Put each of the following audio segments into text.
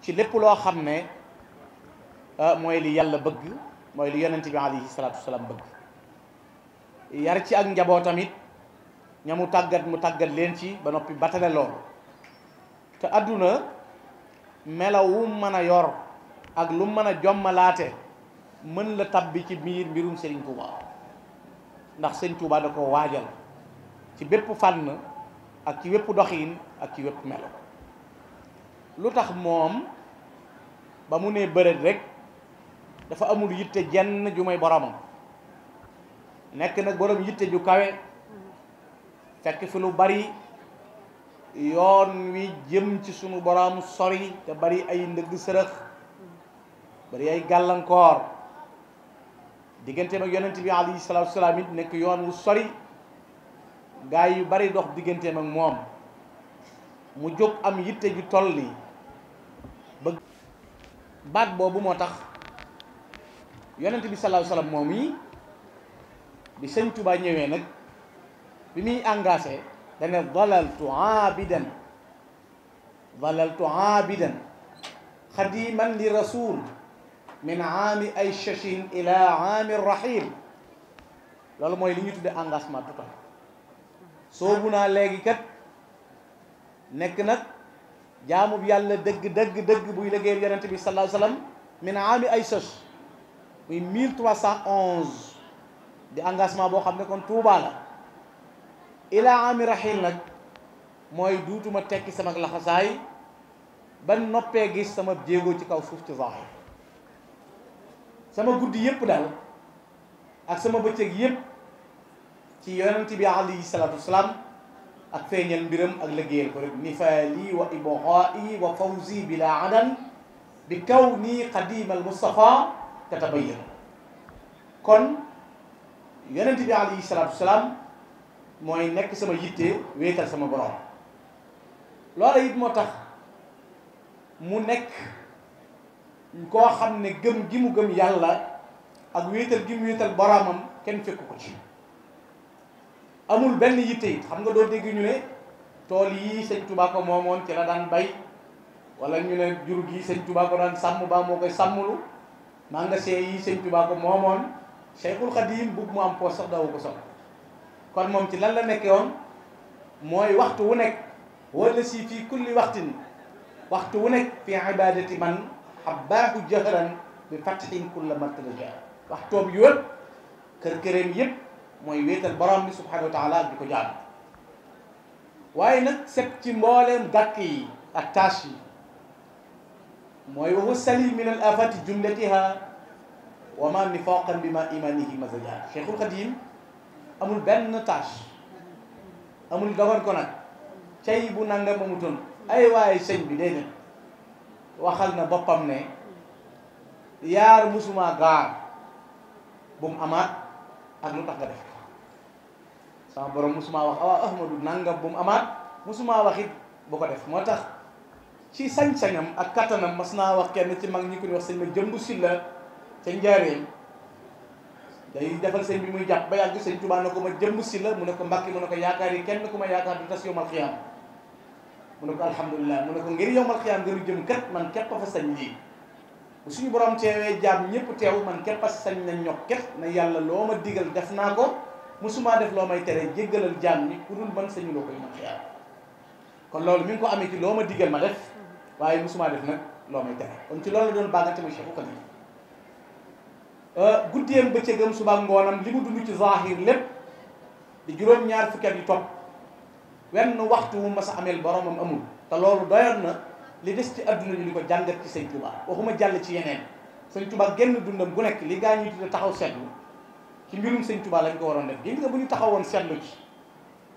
ci lépp loo xam ne ah, mooy li yàlla bëgg mooy li yonent bi salaat salaatu wasalaam bëgg yar ci ak njabootam it ña mu tàggat mu tàggat leen ci ba noppi batale lool te àdduna melaw wu mën a yor ak lu mën a jommalaate mën la tabbi ci biir mbirum Serigne Touba ndax Serigne Touba da ko waajal ci bépp fànn ak ci wépp doxin ak ci wépp melo lu tax moom ba mu nee bërët rek dafa amul yitte jenn ju may boromam nekk nag boroom yitte ju kawe fekk fi lu bari yoon wi jëm ci sunu borom sori te bari ay ndëgg sërëx bari ay gàllankoor digganteem ak yonent bi alayhi salaatu salaam it nekk yoon wu sori gaa yu bari dox digganteem ak moom mu jóg am yitte ju toll nii bëgg baat boobu moo tax yonent bi salaahu salaam moom yi bi sëñ Tuubaa ñëwee nag bi muy engagé dane dalaltu aabidan dalaltu aabidan xadiman li rasul min aami ay shachin ila aami rahim loolu mooy li ñu tudde engagement total soobu naa léegi kat nekk nag jaamub yàlla dëgg dëgg dëgg buy liggéeyal yonent bi sallallahu alayhi wa sallam min aami ay sës muy 1311 di engagement boo xam ne kon Touba la ila aami nag mooy duutuma tekki sama laxasaay ba noppee gis sama jéego ci kaw foofu ci zahir sama guddi yépp daal ak sama bëccëg yépp ci yonent bi alayhi salatu wasalaam ak feeñal mbiram ak liggéeyal ko rek nifaali wa ibqaa'i wa fawzi bila adan bi kawni qadim al mustafa tatabayyan kon yonent bi alayhi salaatu salaam mooy nekk sama yitte wéetal sama borom loola it moo tax mu nekk koo xam ne gëm gi mu gëm yàlla ak wéetal gi mu wéetal boromam kenn fekku ko ci amul benn yitte it xam nga doo dégg ñu ne tool yii sëñ Tuubaa ko moomoon ci la daan bay wala ñu ne jur gi sëñ Tuubaa ko daan sàmm baa moo koy sàmmulu magasin yi sëñ Tuubaa ko moomoon Cheikhul Khadim bugg mu am poos sax daw ko soxla kon moom ci lan la nekkee woon mooy waxtu wu nekk wala si fii kulli waxtin waxtu wu nekk fi ibadati man xabaahu jahran bi fatxin la martala waxtoom yëpp kër këreem yëpp moy wétal borom bi subhanahu wa taala diko jaar waye nak sep ci mbolem gàkk yi ak tâche yi mooy waxu salim min al afati jumlatiha wa ma nifaqan bima imanihi mazaja cheikhul qadim amul ben tash amul dogon ko nak cey bu nangam amutoon ay waye sëñ bi déedéet waxal na bopam ne yar musuma gar bum amat ak lutax tax nga def sama borom musuma wax awa ahmadu nangam bum amat musuma waxit bu ko def motax ci sañ-sañam ak katanam mas wax kenn ci mag ñi ko wax señu ma jëmbu silla ca njaareem day defal señ bi muy japp ba yàgg señ tuba nako ma jëmbu silla mu ne ko mbàkki mu ne ko yaakaar yi kenn kuma yaakaar du tas yowmal qiyam mu ne ko alhamdullilah mu ne ko ngir yowmal qiyam ngir jëm kat man kepp fa sañ yi bu suñu borom teewee jaam ñepp man kepp sañ na ñokket na yalla loma ma digal def musuma def loo may tere jéggalal jaam ñi pour dul man sañu loo koy man kon loolu mi ko amee ci loo ma diggal ma def waaye musuma def nag loo may tere kon ci loolu la doon bàggante muy Cheikhul euh, Khadim guddeem bëccëgam suba ngoonam li mu dund ci zahir lépp di juróom-ñaar fukki yi yu topp wenn waxtu wu ma sa ameel boromam amul te loolu doyoon na li des ci adduna ñu di ko jàngat ci sëñ Tuubaa waxuma jàll ci yeneen sëñ Tuubaa génn dundam gu nekk li gaa ñuy tuddee taxaw seetlu ci mbirum sëñ Tuubaa lañ ko waroon def gis nga bu ñu taxawoon seetlu ci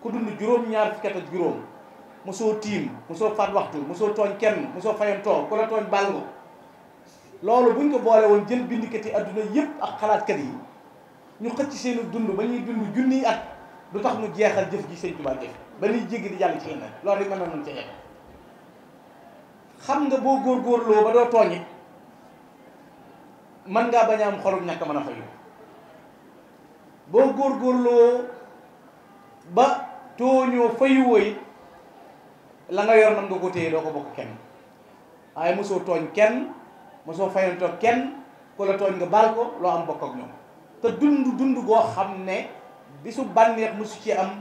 ku dund juróom-ñaar fukki at ak juróom mosoo tiim mosoo faat waxtu soo tooñ kenn mosoo fayantoo ku la tooñ baal nga loolu buñ ko boole woon jël bindkat yi yëpp ak xalaatkat yi ñu xëcc seenu dund ba ñuy dund junniy at du tax mu jeexal jëf ji sëñ Tuubaa jëf ba ñuy jéggi di jàll ci leneen loolu rek mën na mën ca xam nga boo góorgóorloo ba doo tooñit mën ngaa bañ am xolum ñàkk mën a fayu boo góorgóorloo ba tooñoo fayuwoo it la nga yor man nga ko téye doo ko bokk kenn waaye mosoo tooñ kenn mosoo fayantoo kenn ku la tooñ nga baal ko loo am bokk ak ñoom te dund dund goo xam ne bisu bànneex mosu ci am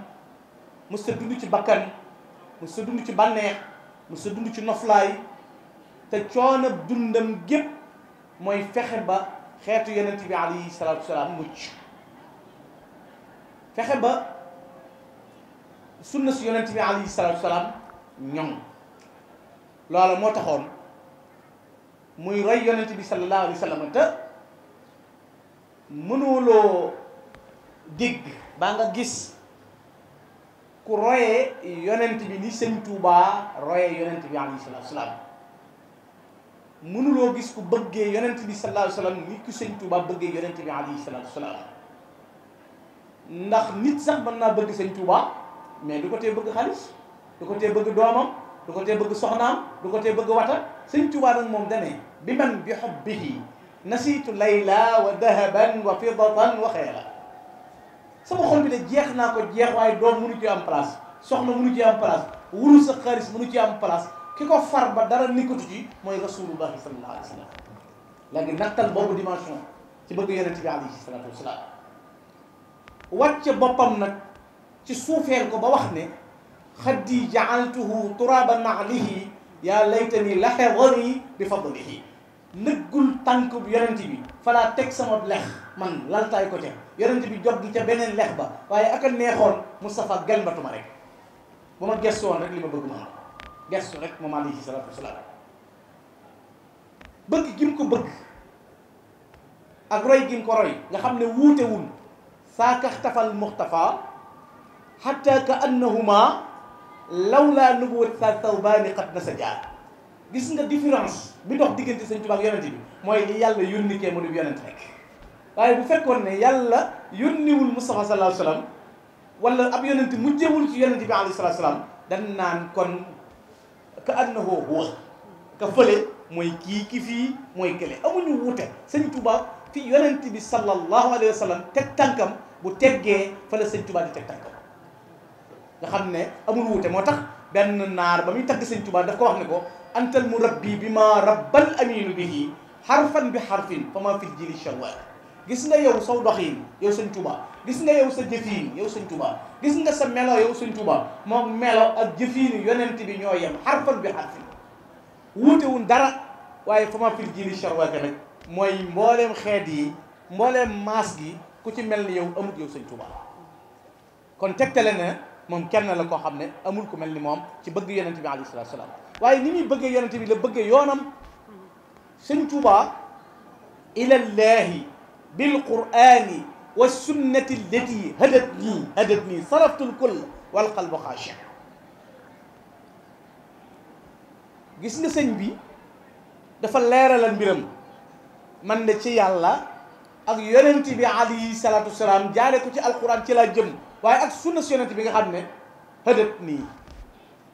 mos ta dund ci bakkan mos ta dund ci bànneex mos ta dund ci noflaay te coono dundam gépp mooy fexe ba xeetu yonent bi alayhi salaatu salaam mucc fexe ba sunna si yonent bi alayhi salaatu salaam ñoŋ loola moo taxoon muy roy yonent bi sallallahu alayhi wa sallam te mënuloo dégg baa nga gis ku royee yonent bi ni sëñ Tuubaa royee yonent bi alayhi salaatu salaam mënuloo gis ku bëggee yonent bi sallallahu alayhi wa sallam ni ku sëñ Tuubaa bëggee yonent bi alayhi salaatu salaam ndax nit sax mën naa bëgg sëñ Tuubaa mais du ko tee bëgg xaalis du ko tee bëgg doomam du ko tee bëgg soxnaam du ko tee bëgg wata sëñ Tuubaa nag moom dane bi man bi hubbihi nasiitu layla wa dahaban wa fiddatan wa xeera sama xol bi de jeex naa ko jeex waaye doom mënu ci am place soxna mënu ci am place wurus sa xaalis mënu ci am place ki ko far ba dara nikkatu ci mooy rasulullahi sallallahu alayhi wa sallam léegi nattal boobu dimension ci bëgg yonent bi alayhi salatu وات بوبام نك تي سوفير كو با وخني خدي جعلته ترابا نعله يا ليتني لحظني بفضله نغول تانك يورنتي بي فلا تك سما لخ من لالتاي كو تي يورنتي بي جوغ تي بنين لخ با واي اكا نيهون مصطفى گن باتوما ريك بوما گيسون رك لي ما بوغ ما گيسو رك ما مالي صلاة والسلام بك جيم كو بك اك روي جيم كو روي nga xamne wute wul ساك اختفى المختفى حتى كأنهما لولا نبوة ثوبان قد نسجا gis nga différence bi dox diggante sëñ Tuubaa ak yonent bi mooy li yàlla yónni kee mënul yonent rek waaye bu fekkoon ne yàlla yónniwul Mustafa sallallahu alayhi wa sallam wala ab yonent mujjewul ci yonent bi alayhi salatu salaam dan naan kon ka annahu huwa ka fële mooy kii ki fii mooy kële amuñu wuute sëñ Tuubaa fi yonent bi sallallahu alayhi wa sallam teg tànkam bu teggee fa la sëñ Tuubaa di teg tànkam nga xam ne amul wuute moo tax benn naar ba muy tagg sëñ Tuubaa daf ko wax ne ko antal mu rabbi bi ma rabbal aminu bihi xarfan bi xarfin fa ma fil jili shawal gis nga yow saw doxin yow sëñ Tuubaa gis nga yow sa jëfiin yow sëñ Tuubaa gis nga sa melo yow sëñ Tuubaa moom melo ak jëfiinu yonent bi ñoo yem xarfan bi xarfin wuute wuñ dara waaye fa ma fil jili shawal nag moy mbollem xet yi mbollem mas gi ku ci melni yow amut yow seigne touba kon tektale na mom kenn la ko xamne amul ku melni mom ci bëgg yonent bi alayhi salatu salaam waye ni ni bëgg yonent bi la bëgg yonam seigne touba ila allah bil qur'an wa sunnati allati hadatni hadatni hadat saraftul kull wal qalbu khashi' gis nga seigne bi dafa leralal mbiram man de ci yàlla ak yonent bi alayhi salaatu salaam jaare ko ci alquran ci laa jëm waaye ak sunna si yonent bi nga xam ne xëdët nii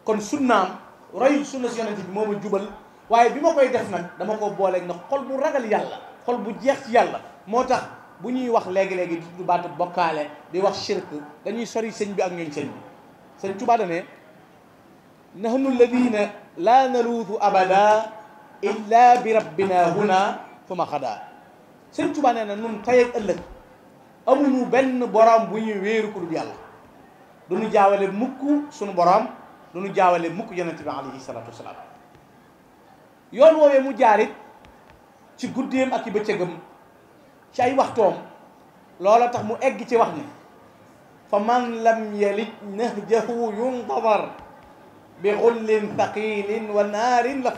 kon sunnaam roy sunna si yonent bi moo ma jubal waaye bi ma koy def nag dama ko booleeg na xol bu ragal yàlla xol bu jeex ci yàlla moo tax bu ñuy wax léegi-léegi di tudd baatu bokkaale di wax shirk dañuy sori sëñ bi ak ñooñ sëñ bi sëñ Tuubaa dane nahnu alladina laa naluutu abada illa bi rabbina huna kuma xadaa Sëriñ Tuubaa nee na nun tey ak ëllëg amuñu benn borom bu ñuy wéeru ku dul yàlla du ñu jaawale mukk suñu borom du ñu jaawale mukk yonente bi alayhi salaatu wasalaam yoon woowee mu jaarit ci guddeem ak i ci ay waxtoom loola tax mu egg ci wax ni fa man lam yalij nahjahu yuntadar bi xullin thaqilin wa naarin la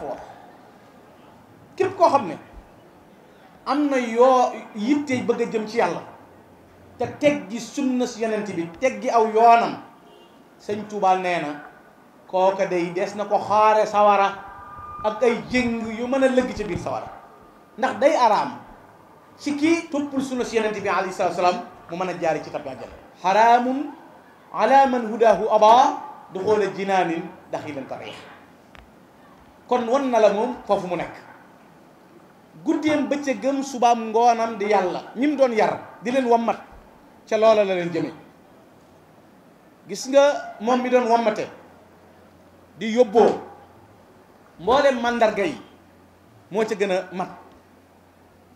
am na yoo yitte bëgg a jëm ci yàlla te teg sunna si yonent bi teg gi aw yoonam sëñ Tuubaa nee na ko day des na ko xaare sawara ak ay jëng yu mën a lëgg ci biir sawara ndax day araam ci kii toppul sunna si yonent bi alayhi salaatu salaam mu mën a jaari ci tabbi àjjana xaraamun ala man hudaahu aba du xoola jinaanin daxilan tarix kon wan na la moom foofu mu nekk guddeem bëccëgam subaam ngoonam di yàlla ñi mu doon yar di leen wammat ca loola la leen jëme gis nga moom mi doon wammate di yóbboo mboolem màndarga yi moo ca gën a mat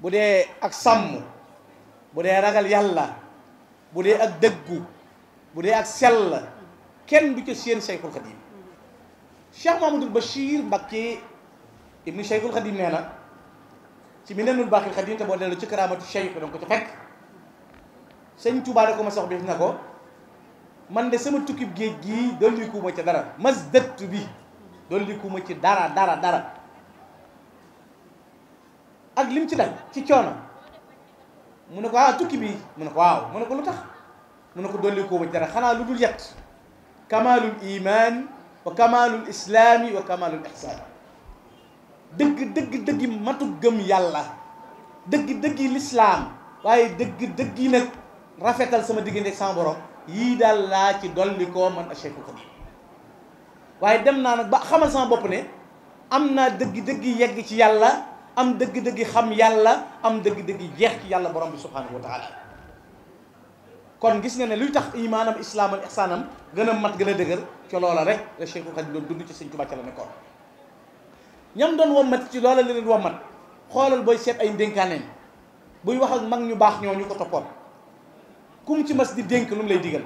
bu dee ak sàmm bu dee ragal yàlla bu dee ak dëggu bu dee ak sell kenn du ca seen Cheikhul Khadim Cheikh Mamadou Bachir Mbacké ibnu Cheikhul Khadim nee na si minanul baaxil xadim te boo dellu ci karaamatu cheikh donc ci fekk sëñ Tuubaa da ko ma sox bi na ko man de sama tukkib géej gii dollikuuma ci dara mas dëtt bi dollikuuma ci dara dara dara ak lim ci dal ci coono mu ko ah tukki bi mu ne ko waaw mu ne ko lu tax ko dollikuuma ci dara xanaa lu dul yett kamalul iman wa kamalul islami wa kamalul ihsan dëgg dëgg dëggi matu gëm yàlla dëgg dëggi lislaam waaye dëgg dëggi nag rafetal sama diggante ak sama borom yii daal laa ci dolli koo man a cheku ko waaye dem naa nag ba xamal sama bopp ne am naa dëgg-dëgg yegg ci yàlla am dëgg-dëgg xam yàlla am dëgg-dëgg jeex ci yàlla borom bi subhanahu wa taala kon gis nga ne luy tax imaanam islaamam ixsaanam gën a mat gën a dëgër ci loola rek la Cheikhul Khadim doon dund ci Sëñ Tuubaa ca la nekkoon ñam doon wommat ci loola la leen wommat xoolal booy set ay ndénkaaneem buy wax ak mag ñu baax ñoo ñu ko toppoon kum ci mas di dénk lu mu lay digal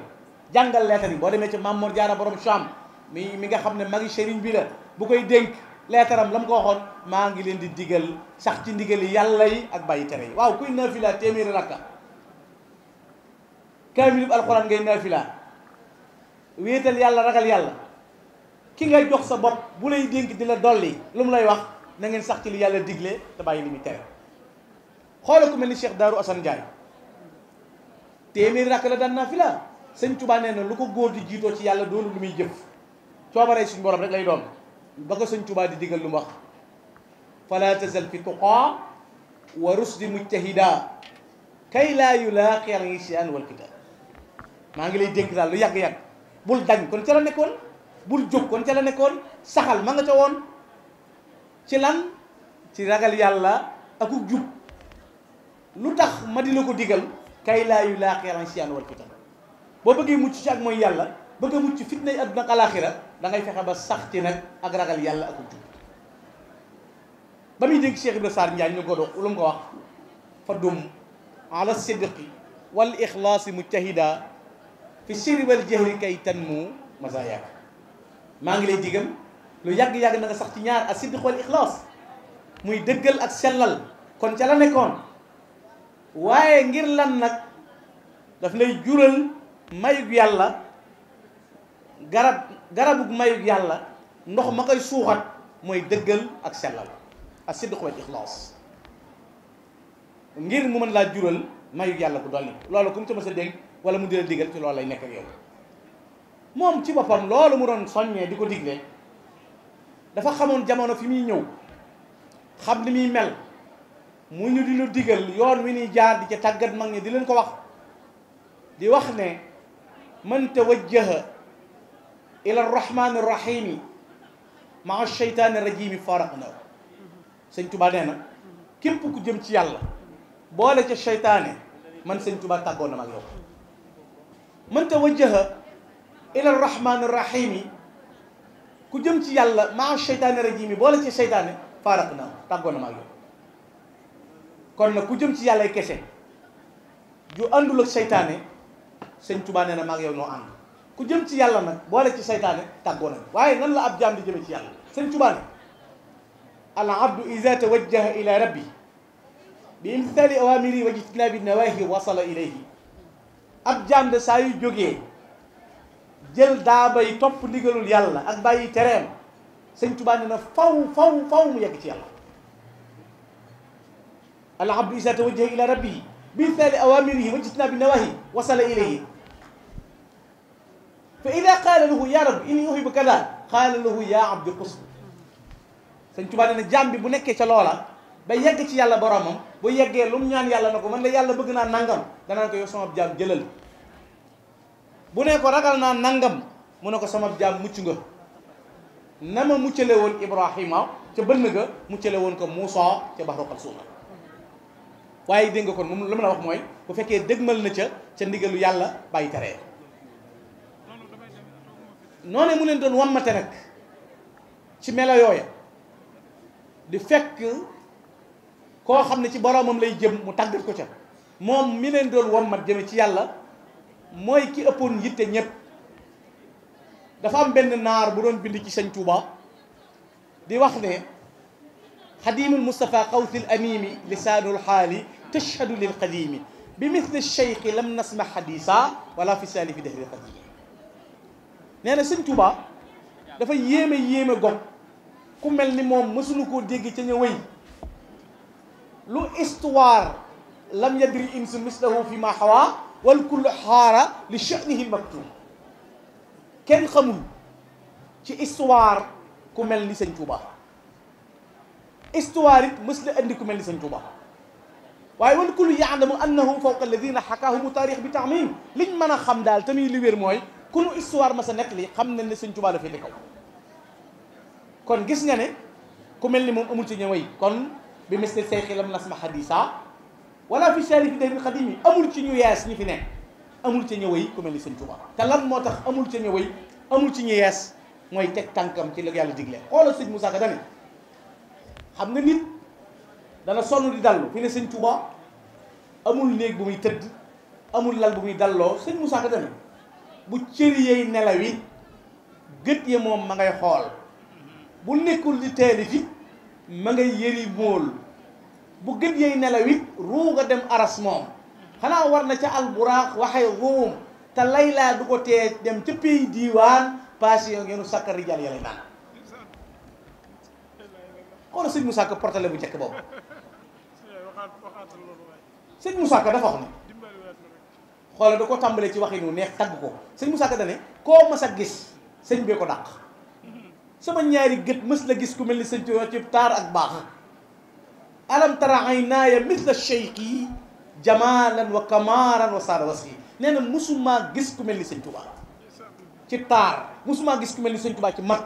jàngal leetar yi boo demee ci Mamour Diarra borom Cham mi mi nga xam ne magi sëriñ bi la bu koy dénk leetaram la mu ko waxoon maa ngi leen di diggal sax ci ndigali yàlla yi ak bàyyi tere yi waaw kuy naafila téeméeri rakka kaamilub alxuraan ngay naafila wéetal yàlla ragal yàlla ki nga jox sa bopp bu lay dénk di la dolli lu mu lay wax na ngeen sax ci li yàlla digle te bàyyi li muy tere xoole ku mel ni Cheikh Darou Assane Ndiaye téeméeri rakk la daan naa fi la sëñ Tuubaa nee na lu ko góor di jiitoo ci yàlla doonu lu muy jëf coobaree suñ borom rek lay doon ba ko sëñ Tuubaa di diggal lu mu wax fala tazal fi tuqaa wa rusdi mujtahida kay laa yulaaqi al isyan wal kitab maa ngi lay dénk daal lu yàgg-yàgg bul dañ kon ca la bur jóg kon ca la nekkon saxal ma nga ci won ci lan ci ragal yalla akuk jub lu tax ma di lako digal kay la yu laaxeeran siyaan wal kitab bo beugé mucc ci ak moy yalla beugé mucc fitna ak na da ngay fexé ba sax ci ak ragal yalla deg Cheikh ibrahim sar ñaan ñu ko dox lu ko wax fa dum ala sidiq wal ikhlas mujtahida fi sirri wal jahri kay tanmu mazayaka maa ngi lay digam lu yàgg-yàgg na nga sax ci ñaar ak siddiq wal ixlaas muy dëggal ak sellal kon ca la nekkoon waaye ngir lan nag daf lay jural mayug yàlla garab garabug mayug yàlla ndox ma koy suuxat mooy dëggal ak sellal ak siddiq wal ixlaas ngir mu mën laa jural mayug yàlla bu dolli loolu comme mu sa dégg wala mu di la digal ci loolu lay nekk ak mom ci bopam lolu mu don soññee diko digle dafa xamone jamono fi mi ñëw xam ni mi mel mu ñu di lu digal yoon wi ni jaar di ci tagat mag ñi di leen ko wax di wax ne man tawajjaha ila arrahmani irrahimi maa sheytaani rajimi faraqnahu sëñ Tuba nee na képp ku jëm ci yàlla boole ci shaytané man sëñ Tuba tagona na mag yow man tawajjaha إلى الرحمن الرحيم كجم تي الله مع الشيطان الرجيم بولا تي الشيطان فارقنا تقول ما يو كون كجم تي الله كسه جو أندو لك الشيطان سن أنا ما يو نو أند كجم تي الله نك الشيطان تقول ما واي نلا أبجام دي جم تي الله سن تبان إذا توجه إلى ربي بإمثال أوامري واجتناب النواهي وصل إليه أبجام دسايو جوجي jël daa bay topp ndigalul yàlla ak bàyyi terem seigne touba nee na faw faw faw mu yegg ci yàlla al abdu isa tawajjaha ila rabbi bi fil awamirihi wa jitna ijtinaabi nawaahi wasala ilayhi fa ida qala lahu ya rabbi inni uhibbu kadha qala lahu ya abdi qus seigne touba nee na jaam bu nekké ci lola ba yegg ci yàlla boromam bu yeggé lum ñaan yàlla nako man la yàlla bëgg na nangam da na ko yow sama jaam jëlal bu ne ko ragal naa nangam mu ne ko sama jaam mucc nga na ma muccale woon Ibrahima ca bënn ga muccale woon ko Muusaa ca baxru Kalsuum waaye dégg nga kon moom lu ma la wax mooy bu fekkee dëgmal na ca ca ndigalu yàlla bàyyi tere noonee mu leen doon wammate nag ci melo yooya di fekk koo xam ne ci boromam lay jëm mu tàggat ko ca moom mi leen doon wammat jëme ci yàlla mooy ki ëppoon yitte ñëpp dafa am benn naar bu doon bind ci sëñ Touba di wax ne xadimul Moustapha xawsil amimi lisaanul xaali tashhadu lil qadimi bi misli cheikhi lam nasma xadisa wala fi saalifi dahri qadimi nee na sëñ Touba dafa yéeme yéeme gox ku mel ni moom mësuñu koo dégg ca ña wëy lu histoire lam yadri insu mislahu fi ma xawaa والكل حارة لشأنه المكتوب كان خمول في إستوار كمال لسان توبا إستوار مثل أن كمال لسان توبا ويقول كل يعلم أنه فوق الذين حكاهم تاريخ بتعميم لن من خم دال تمي لوير موي كل إستوار مثلا نقلي خم لسان توبا في لكو كون جسنا ne ku mel ni moom amul ci ñoom yi kon bi ولا في سالف دير القديم امول تي نيو ياس ني في نيك امول تي نيوي كوم لي سن توبا تا لان موتاخ امول تي نيوي امول تي ني ياس موي تك تانكام تي لا يالا ديغلا خول سيد موسى كداني خامنا نيت دا لا سونو دي دالو في لي سن توبا امول نيك بومي تد امول لال بومي دالو سيد موسى كداني بو تشيري نلاوي گت يي موم ماغي خول بو نيكول لي تيلي في ماغي يري مول bu gëj yey nelawit ruuga dem aras moom xanaa war na ca alburaax waxay ruum te laylaa du ko tee dem ca diwaan diiwaan ngeenu sàkk rijal yàlla naan xoola sëñ Moussa Ka bu njëkk boobu sëñ Moussa Ka dafa wax ne xoola da ko tàmbalee ci waxi nu neex tagg ko sëñ mu Ka da ne koo mas a gis sëñ bee ko dàq sama ñaari gët mës la gis ku mel ni sëñ Tuubaa taar ak baax alam tara aynaaya mithla cheikhi jamaalan wa kamaaran wa saada wasi nee na musumaa gis ku mel ni sëñ Tuubaa ci taar musumaa gis ku mel ni sëñ Tuubaa ci mag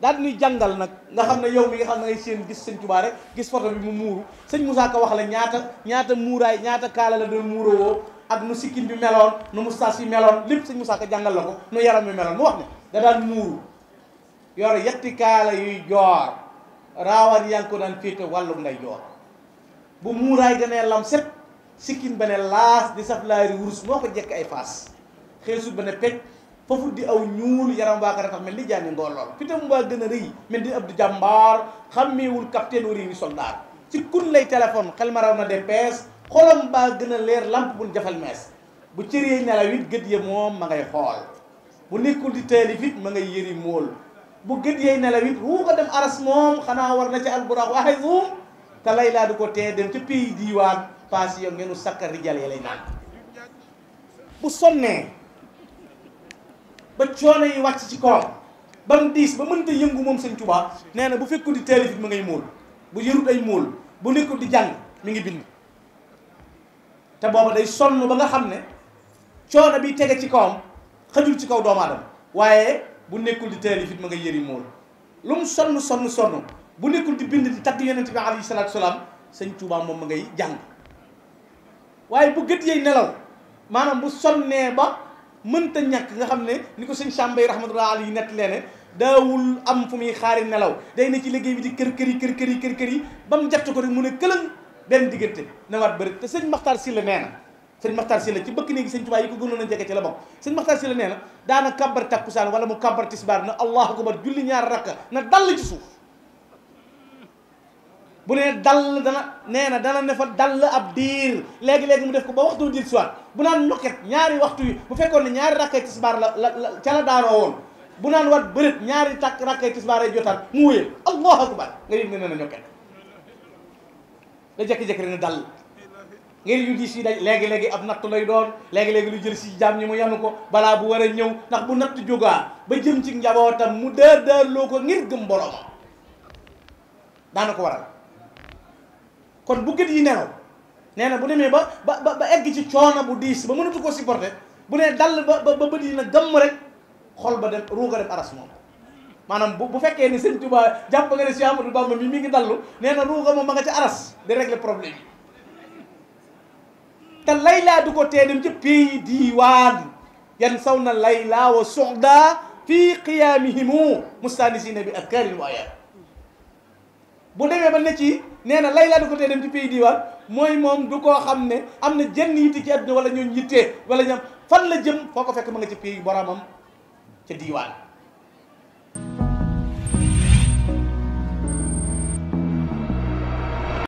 daal di ñuy jàngal nag nga xam na yow mi nga xam na ngay seen gis sañ Tuubaa rek gis photo bi mu muuru sëñ Moussa Ka wax la ñaata ñaata muuraay ñaata kaala la doon muurawoo ak nu sikkin bi meloon nu mustaas yi meloon lépp sëñ Moussa Ka jàngal la ko nu yaram bi meloon mu wax ne da daan muuru kaala yuy rawar yankunan fete walum nday joor bu muray gënee lam set sikin bene las di saf laari wurus moko jek ay fas xesu ba pek fofu di aw ñuul yaram ba ka rafa mel jani jaani ngoolool fitam ba gëna a mel di abdou jambar jàmbaar capitaine wuri ni soldat ci kun lay telephone xel ma na de xolam ba gëna leer lamp jafal mes bu cër yee nelaw it gët ya ma ngay xol bu nekkul di teeli fit ma ngay yeri mol bu gëddee nelaw it wu ko dem aras mom xana war na ci alburax waaye suum te lay laa du ko te dem ci pays diiwaan pass yo ngeenu sakkar rijal ya lay naan bu sonne ba coono yi wacc ci ko ba mu diis ba mënta yëngu mom seigne touba neena bu fekku di telif it ngay mool bu yërut ay mool bu nekkul di jang mi ngi bind ta bobu day sonn ba nga xamne ne bi tege ci kawam xajul ci kaw doom adam waye bu nekkul di taalif it ma nga yëri mool lu mu sonn sonn sonn bu nekkul di bind di tagg yonent bi alayhi salaatu salaam sëñ Tuubaa moom ma ngay jàng waaye bu gët yey nelaw maanaam bu sonnee ba mënta ñàkk nga xam ne ni ko sëñ Sàmbay rahmatullah alayhi nett leene daawul am fu muy xaari nelaw day ne ci liggéey bi di kër kër yi kër kër yi kër kër yi ba mu jatt ko rek mu ne këlëng benn na nawaat bëri te sëñ Maxtaar si nee na seen Maxtaar Sylla ci bëkk néegi sëñ Tuubaa yi ko gënoon a jege ci la bokk sëñ Maxtaar Sylla nee na daana kàbbar takkusaan wala mu kàbbar tisbaar na allahu akbar julli ñaar rakka na dall ci suuf bu nee dall dana nee na dana ne fa dall ab diir léegi-léegi mu def ko ba waxtu wu dil siwaat bu naan ñokket ñaari waxtu bu fekkoon ne ñaari rakkay tisbaar la la la ca la daanoo woon bu naan wat bërét ñaari takk rakkay tisbaar ay jotaan mu wóyal allahu akbar nga yëg da jékki dall ngeen yu diis yi daj léegi-léegi ab nat lay doon léegi-léegi lu jël ci jàmm ñi mu yanu ko bala bu wara ñew nak bu nat jógaa ba jëm ci njabootam mu deer deer lo ko ngir gëm da na ko waral kon bu gëd yi neew neena bu demé ba ba ba egg ci choona bu diis ba mënu ko supporter bu ne dal ba ba ba di na gëm rek xol ba dem ruuga dem aras moom manam bu bu fekkee ni serigne touba japp nga ne Cheikh Amadou Bamba mi mi ngi dalu neena ruuga ma nga ci aras di régler problème te laylaa du ko tee dem ci pays diiwaan yan saw na laylaa wa soxda fii qiyaamihimu mustanisina bi adkaarin wa ayaat bu demee ba ne ci nee na laylaa du ko dem ci pays diiwaan mooy moom du koo xam ne am na jenn yitte ci àdduna wala ñoo yittee wala ñam fan la jëm foo ko fekk ma nga ci pays boromam ca diiwaan